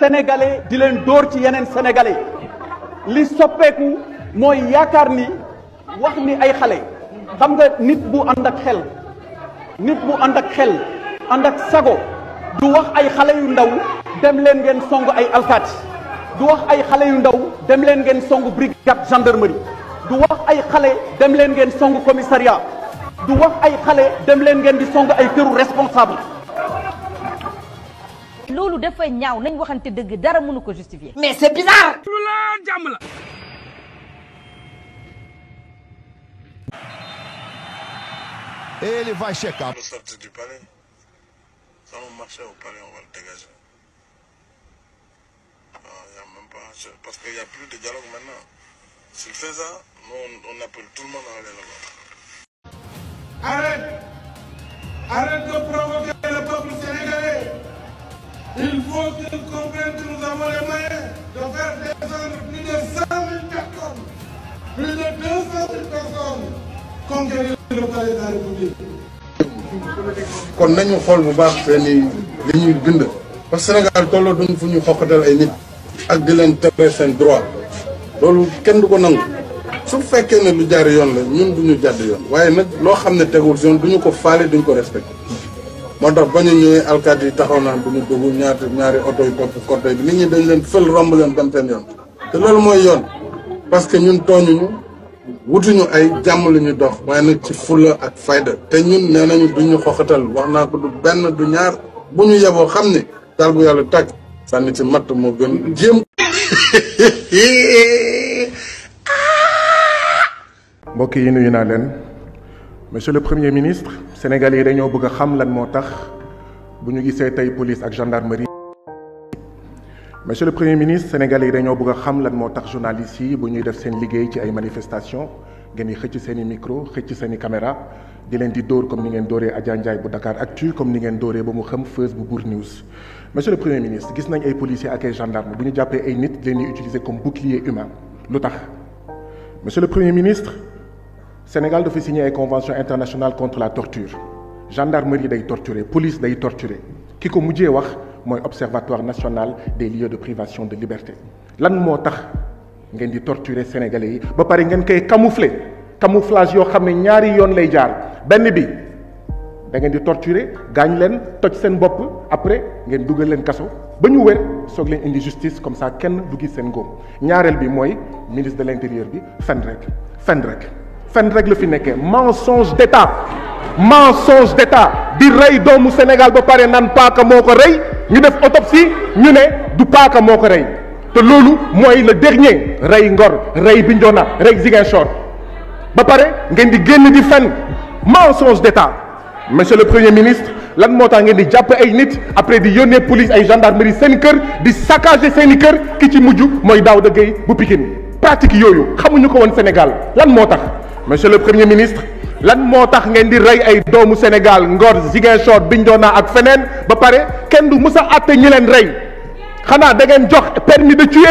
sénégalais di leen dóor ci yeneen sénégalais li soppeeku mooy yaakaar ni wax ni ay xale xam nga nit bu ànd ak xel nit bu ànd ak xel ànd ak sago du wax ay xale yu ndaw dem leen ngeen song ay alkaati du wax ay xale yu ndaw dem leen ngeen song brigade gendarmerie du wax ay xale dem leen ngeen song commissariat du wax ay xale dem leen ngeen di song ay këru responsable da dafa ñaaw nañ waxante deug dara mënu ko justifier. mais c'est bizarre. lu la jàmm la. Ele vai checar. parce qu'il n'y a plus de dialogue maintenant. S'il fait ça, nous, on, appelle tout le monde à aller là-bas. Arrête Arrête de provoquer le peuple sénégalais il faut nous comprenions que nous avons les moyens de faire descendre plus de 100 000 personnes, plus de 200 000 personnes, conquérir le palais de la République. kon nañu xool bu baax parce que Sénégal nous duñ fu ñu nous ay nit ak di nous tere seen droit loolu kenn du ko nangu su fekkee ne lu la respecté moo tax bañ a ñëwee yi taxaw naan bu ñu dugg ñaata ñaari oto yu topp côté bi nit ñi dañ leen fël romb leen dem seen yoon te loolu mooy yoon parce que ñun tooñuñu wutuñu ay jàmm la dox waaye nag ci fula ak fayda te ñun nee nañu duñu xoxatal wax naa ko du benn du ñaar bu ñu yeboo xam ni daal bu yàlla tàkk sànni ci matt moo gën jéem mbokk yi nuyu naa leen monsieur le premier ministre sénégalais yi dañoo bëgg a xam lan moo tax bu ñu gisee tey police ak gendarmerie. monsieur le premier ministre sénégalais yi dañoo bëgg a xam lan moo tax journalistes yi bu ñuy def seen liggéey ci ay manifestations ngeen di xëcc seen i micro xëcc seen i caméra di leen di dóor comme ni ngeen dóoree Adja Ndiaye bu Dakar Actu comme ni ngeen dóoree ba mu xam feuse bu Bour News. monsieur le premier ministre gis nañ ay policiers ak ay gendarmes bu ñu jàppee ay nit leen di utiliser comme bouclier humain lu monsieur le premier ministre. Sénégal doit signer une convention internationale contre la torture gendarmerie day torturer police day torturer ki ko wax observatoire national des lieux de privation de liberté lan moo tax di torturer sénégalais yi ba pare ngeen camouflage yo xam yon ñaari yoon lay jaar benn bi da ngeen di torturer gaañ leen toj seen après ngeen dugal leen kaso ba ñu wér soog leen justice comme ça kenn du gis seen bi ministre de l'intérieur bi fen rek fen la mensonge d'état mensonge d'état di doomu Sénégal ba paré nan pa ka moko rey ñu autopsie du pas ka moko rey le dernier rey Ngor ba mensonge d'état monsieur le premier ministre lan montagne ngeen di nit après di police ay gendarmerie seen di saccager kër ki ci de gay bu Pikine pratique xamuñu ko Sénégal monsieur le premier ministre lan qui tax ngeen di ray ay doomu Sénégal Ngor biñ doona ak Fenen ba paré kenn du Moussa atté ñi da permis de tuer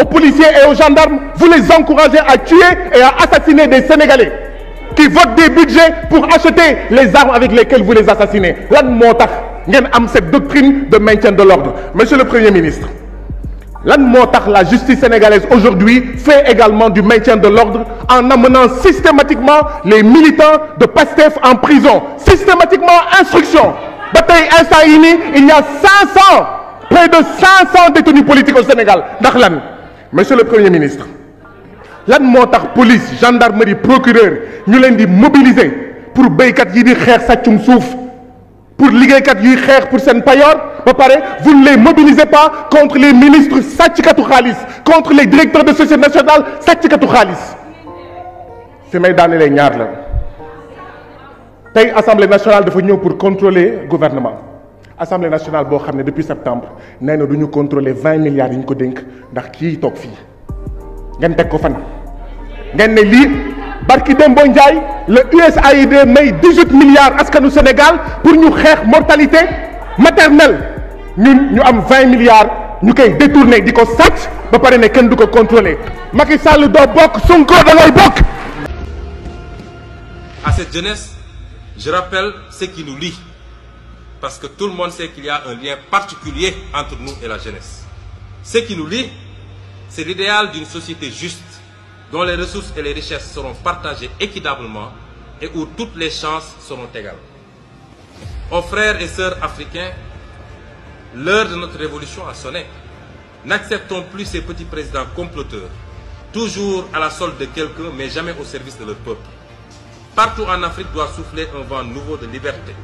aux policiers et aux gendarmes vous les encouragez à tuer et à assassiner des Sénégalais qui votent des budgets pour acheter les armes avec lesquelles vous les assassinez lan moo tax am cette doctrine de maintien de l'ordre monsieur le premier ministre la justice sénégalaise aujourd'hui fait également du maintien de l'ordre en amenant systématiquement les militants de PASTEF en prison. Systématiquement, instruction. Bataille il y a 500, près de 500 détenus politiques au Sénégal. monsieur le Premier ministre, la police, gendarmerie, procureur, nous l'avons mobilisés pour Beykat Yidi Kher pour Ligue 4 pour Sen Payor, vous ne les mobilisez pas contre les ministres sàcckatu contre les directeurs de société nationale sàcckatu xaalis fi may daanelee ñaar la assemblée nationale dafa ñëw pour contrôler gouvernement assemblée nationale depuis septembre nous na contrôlé 20 contrôler milliards de dans ko dénk ndax kii Vous fii Le teg ko le USAID 18 milliards askanu Sénégal pour nous faire mortalité maternelle nous avons 20 milliards Nous avons détourné nous avons 7, ba pare ne contrôlé. nous avons contrôlé Macky Sall da ngay À cette jeunesse je rappelle ce qui nous lie parce que tout le monde sait qu'il y a un lien particulier entre nous et la jeunesse ce qui nous lie c'est l'idéal d'une société juste dont les ressources et les richesses seront partagées équitablement et où toutes les chances seront égales. Aux frères et sœurs africains L'heure de notre révolution a sonné. N'acceptons plus ces petits présidents comploteurs, toujours à la solde de quelqu'un, mais jamais au service de leur peuple. Partout en Afrique doit souffler un vent nouveau de liberté,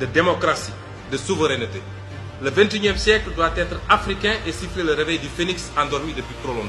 de démocratie, de souveraineté. Le 21e siècle doit être africain et siffler le réveil du phénix endormi depuis trop longtemps.